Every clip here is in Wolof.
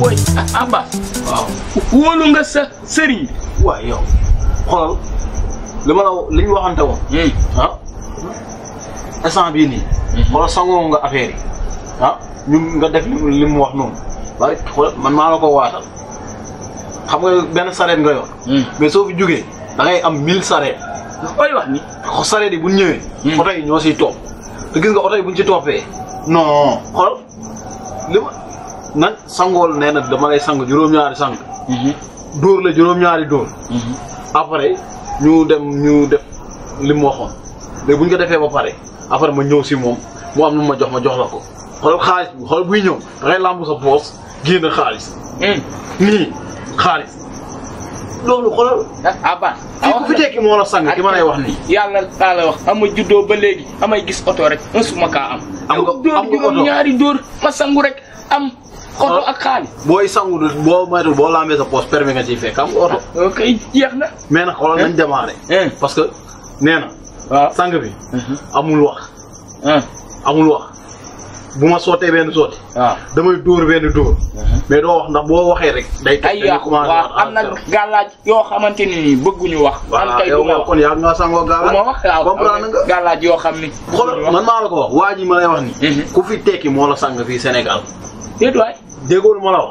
woy Aba waaw wóolu nga sa sëriñ waaw yow xoolal li ma lo li ñu waxante woon ah instant bii nii xoolal sangoo nga affaire yi ah ñun nga def li mu wax noonu waaye man maa la ko waatal xam nga benn sareet nga yor mm. juga. soo fi jógee da ngay am mille sareet ay ni sareet yi bu ñëwee oto yi ñoo mm. siy topp te gis nga oto yi buñ eh? No. toppee non nag sangool nee dama lay sang juróom-ñaari sang. Mhm. dóor la juróom-ñaari dóor. Mhm. ñu dem ñu def li mu waxoon léegi bu ñu ko defee ba pare après ma ñëw si moom moo am na ma jox ma jox la ko xool xaalis bi xool buy ñëw da ngay làmb sa poos génn xaalis. Hmm. nii xaalis. loolu xoolal. ah Abba. Ah, kii ku fi tekki moo la sang ki ma lay wax nii. yàlla laa la wax ma juddoo ba léegi amay gis oto rek un suma kaa am. am nga am ñaari dóor ma sangu rek am. xoto ah. ak xaalis. booy sangu du boo moytu boo lambee sa poche permis nga ciy fekk am na. mais nag xoolal nañ eh? Eh? que nee na. sang bi. Mhm. amul wax. Eh? amul wax ma sottee benn sotti. waaw ah. damay dóor benn mhm. wax ndax boo waxee rek. day teg gàllaaj yoo xamante ne nii bëgguñu wax. wax kon yaa nga sangoo gàllaaj. ma wax comprendre yoo xam ni. xoolal man maa la ko waa ji ma lay wax ni mhm. ku fi tekki moo la sang fii Sénégal. déet waay. ma la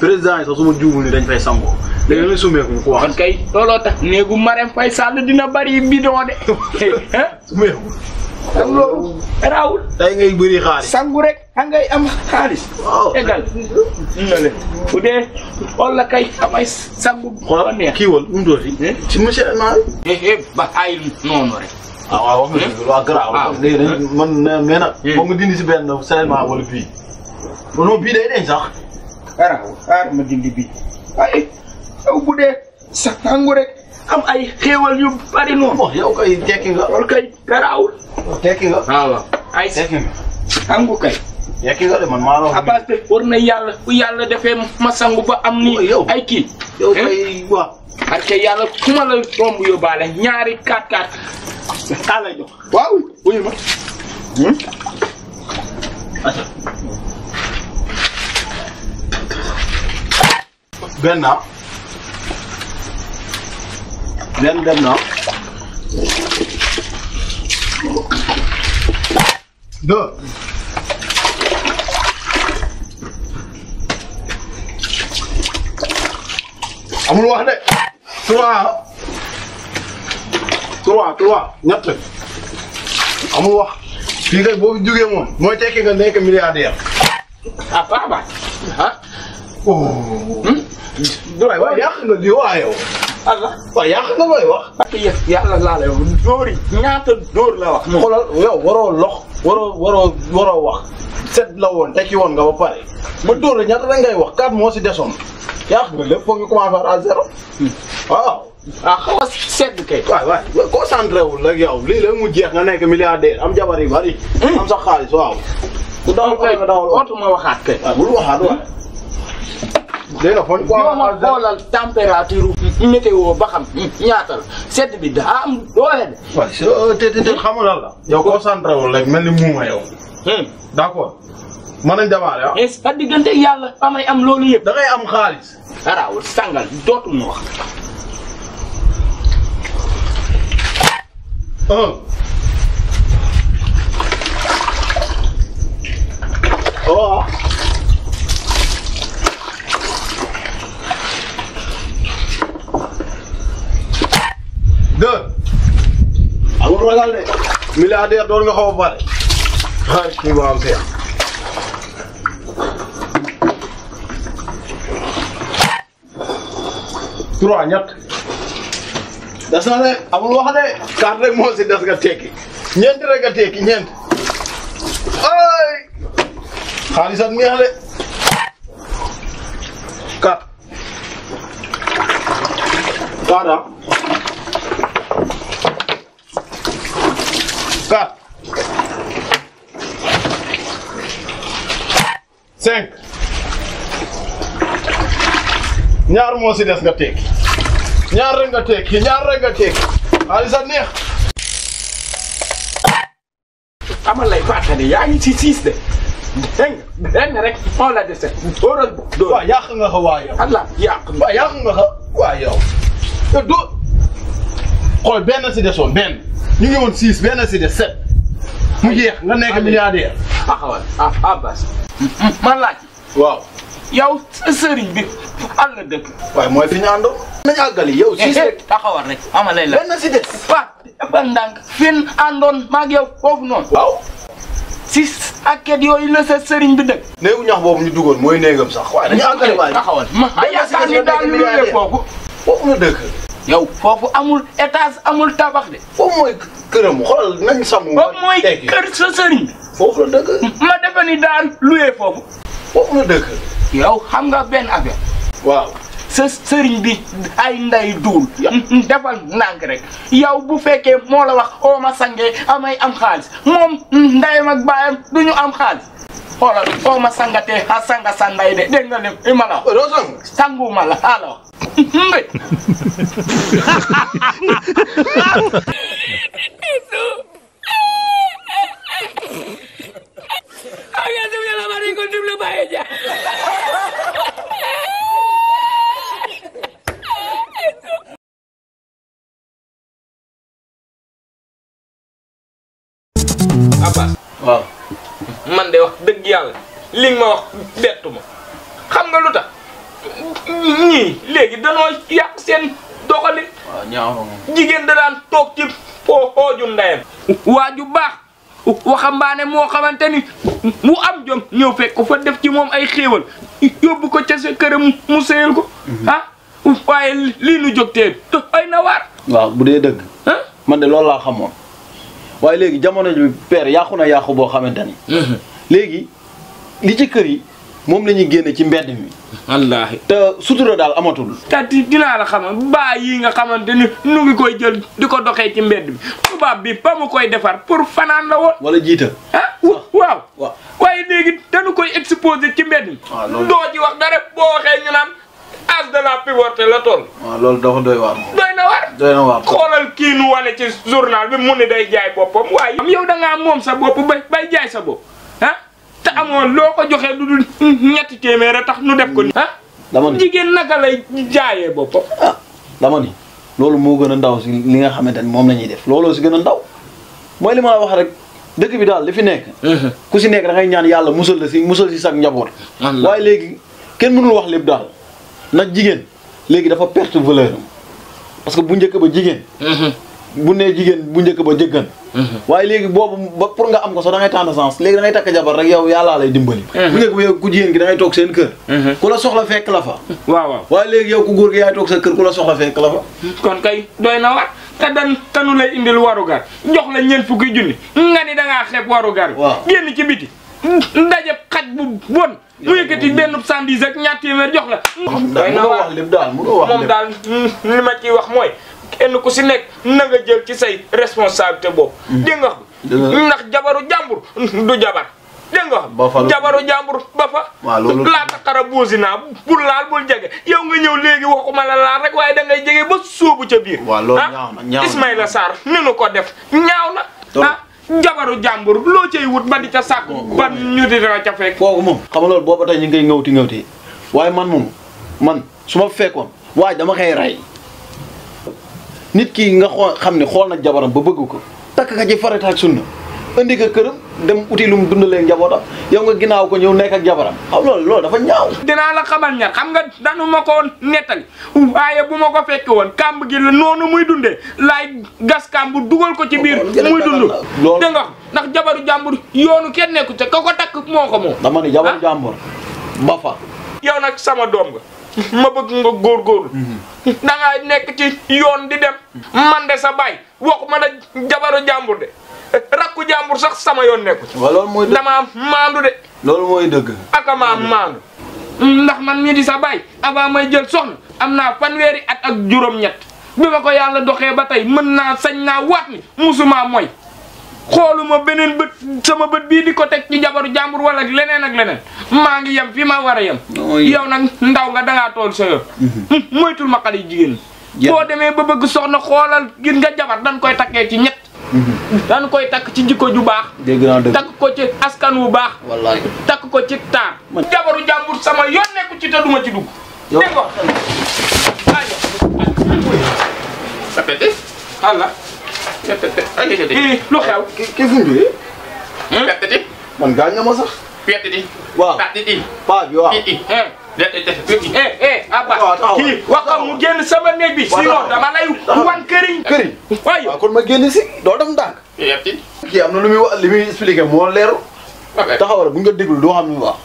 président yi sax su ma juumul ni dañ fay sangoo léegi dañuy sumeeku ñu ko wax. kay looloo tax néegu Marème Faye Sall dina bari bidon de. sumeeku. am loolu raawul. tey ngay bëri xaalis. sangu rek a ngay am xaalis. waaw égal. na leen bu dee xool la kay amay sangu. xoolal neex kii woon mu doon fi. ci monsieur eh, eh, ba ay noonu rek. ah waaw wax nga dëgg ah. nag. Hmm. foog dindi si benn seulement wala bii. sono bii day deñ sax xaaral xaaral ma dindi bii ay yow sa tàngu rek am ay xéewal yu bari noonu bon kay tekki nga loolu kay garaawul tekki nga ah, waaw ay kay tekki nga de man maa la Abass war na yàlla bu yàlla defee ma sangu ba am ni ay kii yow kay waaw parce que yàlla ku ma la romb yóbbaale ñaari kaat kaat kaa ma hmm? benn naam benn benn naam amul wax de trois trois trois ñett amul wax fii kay boo jugee moom mooy tekki nga nekk milliardaire ah papa ah oh. hmm? waaye waaye yàq nga lii waaye yow. allah waaye yàq nga looy wax. ak yàlla laa lay wax dóor yi ñaata dóor la wax. xoolal yow waroo lox wax set la woon tekki woon nga ba pare ma dóor la ñaata la ngay wax quatre moo si desoon yàq nga lépp foog ñu commencé à zéro waaw. ah xaw a sedd kay. waay waay wul rek yow lii la mu jeex nga nekk milliardaire am jabar yu bari. am sa xaalis waaw. bu dawal kay dawal oto ma waxaat kay. waaw bul waxaat waay. day la fooy. waaw waaw boo ma ah, xoolal température. météo ba xam. ñaata sedd bi daa am doole de. waaw si euh, te te te xamul lan la. yow concentré wul rek mel ni muuma yow. Hmm. d'accord mën nañ demaale ah. est-ce que diggante yàlla amay am loolu yëpp. da ngay am xaalis. daraawul sàngal dootul ñu wax. oh. deux amul ragal de milliardaire doon nga xaw pare xaar kii boo am seex trois ñett des na rek amul wax de quatre rek moo si des nga tekki ñeent rek nga tekki ñeent ay xaalisam neex de quatre quatre ah. 4 5 ñaar moo si des nga tekki ñaar rek nga tekki ñaar rek nga tekki xaalis a neex amal lay fàttali yaa ngi ci siis de dégg nga benn rek moo la dese dóoral dóor waaw yàq nga ko waa yow allah yàq waaw yàq nga ko waa yow dóor xool benn si desoon benn ñu ngi woon six benn si des sept mu jeex nga nekk milliardaire. ah xawal a Abbas. man laaj. waaw. sëriñ bi àll dëkk. waaye mooy fi ñu àndoo. nañu àggali yow. si se eh, eh, taxawal rek ama lay la benn si des. waaw ban ndànk fin àndoon maag yow foofu noonu. waaw. si akket la sa bi dëkk. néegu ñax boobu ñu duggoon mooy néegam sax waaye dañu eh, àggali waaye. taxawal ma ay yaakaar ni daal lu dul foofu. foofu la dëkk. yow foofu amul étage amul tabax de. foofu mooy këram xoolal nañ sàmm. foofu kër sa foofu la dëkk. ma defe ni daan luwee foofu. foofu la dëkk. yow xam nga benn affaire. waaw. sa sëriñ bi ay nday duul. defal ndànk rek. yow bu fekkee moo la wax oo ma sangee amay am xaalis moom ndayam ak baayam du ñu am xaalis. xoolal ma sangatee a sanga sa nday de dégg i ma la. doo sangu. ma la alors. Itu. Hanya tu yang lama aja. Apa? Waaw. Man de wax dëgg yàlla li nga ma wax xam nga lu ñii léegi danoo yàq seen doxali jigéen da daan toog ci foo xooju ndeyam waa ju baax waxambaane moo xamante ni mu am jom ñëw fekk ko fa def ci moom ay xéewal yóbbu ko ca sa këram mu sëyal ko mhm. ah waaye lii nu jógtee ay na waar waaw bu dee dëgg man de loolu laa xamoon waaye léegi jamono ji père yàqu na yàqu boo xamante ni mhm. léegi li ci kër yi moom la ñuy génne ci mbedd mi. wallaahi te sutura daal amatul. tati dinaa la xamal baa yii nga xamante ni nu ngi koy jël di ko doxee ci mbedd mi tubaab bi ba mu koy defar pour fanaan la woon. wala jiita. ah, ah. waaw waaw. waaye léegi dañu koy exposé ci mbedd mi. Ah, doo ci wax dara boo waxee ñu naan as de la pauvreté la toll. waaw ah, loolu dafa doy doy na waar. doy na waar xoolal kii nu wane ci journal bi mu ne day jaay boppam waaye. yow da ngaa moom sa bopp bay bay jaay sa bopp. te amoon loo ko joxee du dul ñetti téeméer a tax nu def ko ni ah dama ni jigéen naka lay jaayee boppam ah dama ni loolu moo gën a ndaw si li nga xamante ni moom la ñuy def looloo si gën a ndaw mooy li ma la wax rek dëkk bi daal li fi nekk ku si nekk da ñaan yàlla musal la si musal si sag njaboot waaye léegi kenn mënul wax lépp daal nag jigéen léegi dafa perte valeur parce que bu njëkk ba jigéen bu nee jigéen bu njëkk ba jëggan mhm. waaye léegi boobu ba pour nga am ko sax da ngay tendre sens léegi da ngay takk jabar rek yow yàllaa lay dimbali mhm. bu njëkk ba yow ku jigéen gi da toog seen kër mhm. ku la soxla fekk la fa waaw waaw waaye léegi ku góor gi yaay toog sa kër ku la soxla fekk la fa kon kay doy na war te dan tanu lay indil warugar jox la ñeent fukki junni nga ni da ngaa xeeb warugar waaw génn ci biti ndaje xaj bu bon mu yëkkati benn sandis ak ñaar téeméer jox la doy na waar lépp daal moom daal mm, li ma ciy wax mooy kenn ku si nekk na nga jël ci say responsabilité boobu. Mm. dégg nga ndax jabaru jàmbur du jabar. dégg nga jabaru jàmbur ba fa. waaw loolu laata xara buusi naa pour laal bul jege yow nga ñëw léegi ma la laal rek waaye da ngay jege ba sóobu ca biir. waaw loolu ah, ñaaw na ñaaw na Ismaïla Sarr ninu ko def ñaaw na. Ah, jabaru jàmbur loo cay wut ba di ca sàkku. ban ñu di dara ca fekk. kooku moom xam nga loolu booba tey ñu ngi koy ngawti waaye man moom man su ma fekkoon waaye dama koy rey. nit kii nga xool xam ne xool na jabaram ba bëgg ko takk ka ci farata ak sunna indi ko këram dem uti lu mu dundalee njabootam yow nga ginnaaw ko ñëw nekk ak jabaram aw loolu loolu dafa ñaaw dinaa la xamal ña xam nga danu ma ko nettali waaye bu ma ko fekke woon kàmb gi la noonu muy dunde laay gas kàmbu dugal ko ci biir muy dund de nga ndax jabaru jàmbur yoonu kenn nekku ca ka ko takk moo ko moom dama ne jabaru ah. jàmbur ba fa yow nak sama dom nga ma bëgg nga gor da nga nek ci yoon di dem man de sa baay waxuma la jabaru jambur de rakku jambur sax sama yoon nekku ci lool moy dëgg damaa de lool moy deug aka ma maandu ndax man mi di sa bay aba may jël soxna amna naa at ak juróom ñet bima ko yalla doxé ba mën na sañ na wat ni musuma moy xooluma beneen bët sama bët bii di ko teg ci jabaru jàmbur wala leneen ak leneen maa ngi yem fi ma war a yem. yow nag ndaw nga dangaa tool sa yoon. moytul ma xale jigéen ñi. boo demee ba bëgg soxna xoolal gis nga jabar dañ koy takkee ci ñett. dañ koy takk ci jikko ju baax. takk ko ci askan wu baax. wallaay takk ko ci taar. jabaru jàmbur sama yoon nekk ci te duma ci dugg. lu xew ki sëñ bi pettiti hmm? man gaañ na ma sax pettiti waaw pettiti paa bi waaw waaw kii waxam mu génn sama néeg bi sinon dama lay wan këriñ këriñ waaw iya. kon ma génn si doo def ndànk iya, kii am na lu muy wax li muy expliqué moo leeru taxawal bu nga déglu doo xam ni wax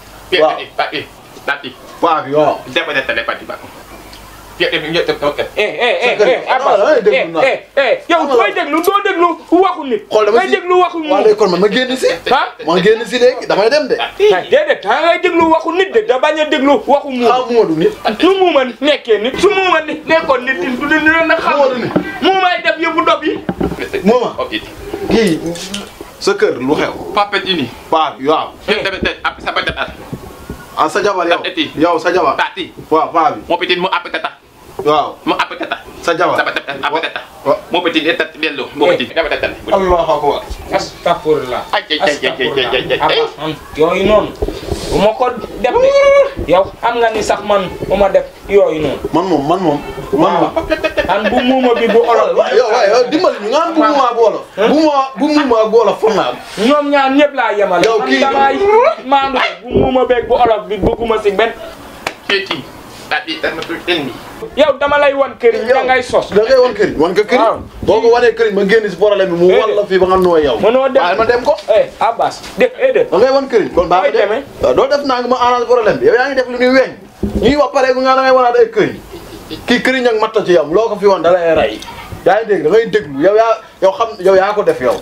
waaw paa bi waaw def na télé paa bi fii eh, eh, eh, ah, yow sooy déglu doo déglu waxu nit. xool dama si ngay déglu waxu nit. waaw kon man ma génn si. ah ma génn si léegi damay dem de. déedéet da ngay déglu waxu nit de da bañ a déglu waxu muuma. ah muuma du nit. su muuma nekkee nit. su muuma nekkoon nit du nit ñi nag xam. muuma du nit muumay def yëpp dop yi. muuma kii sa kër lu xew. papa ji nii. waaw waaw. yéen tamit tey ab sa bëccëg at. ah sa jabar yow yow sa jabar. taati waaw paa bi. moo pitin mu appétit waaw mo apatata sa jabar sa apatata apatata mo petit etat dello mo petit apatata Allahu akbar astaghfirullah ay ay ay ay ay yooyu noonu bu ma ko def yow am nga ni sax man bu ma def yooyu noonu man moom man moom man moom an bu muuma bi bu olof yow waaye dimbali ñu nga am bu muuma bu olof hmm? bu muuma bu bu olof laa yemale man damaay maandu bu muuma beeg bu olof bi bëgguma si benn daɗi ɗanmatul ɗenni yow dama lay wan këriñ da ngay sos da ngay wan këriñ wan nga këriñ boo ko wan la fii ba nga nooy yow mënoo dem ma dem ko eh Abbas def ede eh, da ngay wan këriñ kon baa eh, demee doo def naa nga ma arrange problème bi yow yaa ngi def lu ñuy weñ ñuy wax pare bu nga da ngay wanaat ay këriñ kii këriñ ak matta ci yam loo ko fi wan da lay rey yaa ngi dégg da ngay déglu yow yaa yow xam yow yaa ko def yow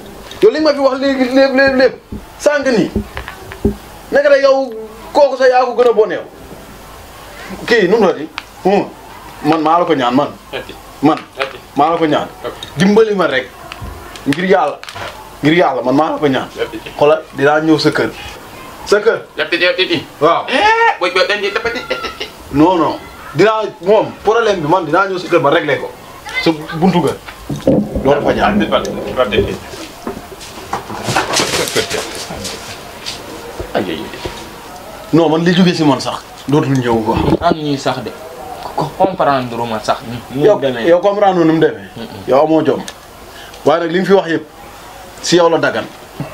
yow li ma fi wax léegi lépp lépp lépp sànq nii nekk yow kooku sax yaa ko gën a kii nu mu la di hum man maa la ko ñaan man. man maa la ko ñaan. dimbali ma rek ngir yalla ngir yalla man maa la ko ñaan. xoolal dinaa ñëw sa kër. sa kër. waaw. eh booy booy dañuy tapati non non di la mom problème bi man di la ñew sa kër ba régler ko sa buntu ga loolu fa ñaan. di di fal fal non man li jógee ci man sax. dootul ñëw ko am ñuy sax de ko ma sax. yow yow comprendre nu mu demee. yow amoo jom waaye nag li mu fi wax yëpp si yow la dagan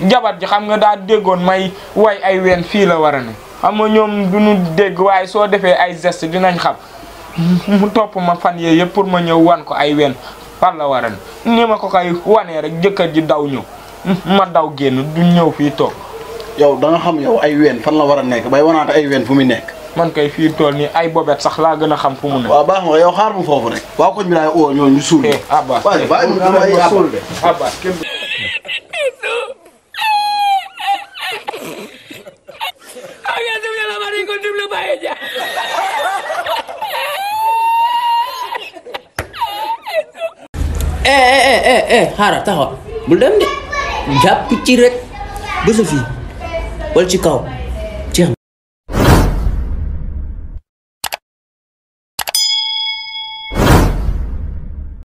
jabar ji xam nga daal déggoon may way ay ween fii la war a ne xam nga ñoom du ñu dégg waaye soo defee ay geste dinañ xam mu topp ma fan yee yëpp pour ma ñëw wan ko ay ween fan la wara ma ko koy wanee rek jëkkër ji daw ñëw daw génn du ñëw fii toog. yow da nga xam yow ay ween fan la war a nekk bay wanaata ay ween fu muy nekk. man kay fi tol ni ay bobet sax la gëna xam fu mu ne. wa baax nga yow xaar bu fofu rek. wa ko ñu laay o ñoo ñu suul. Eh, Abbas ba bàyyi mu damay suul de Abbas eh eh xaaral taxaw bul dem de jàpp ci rek ba sa fii ci kaw.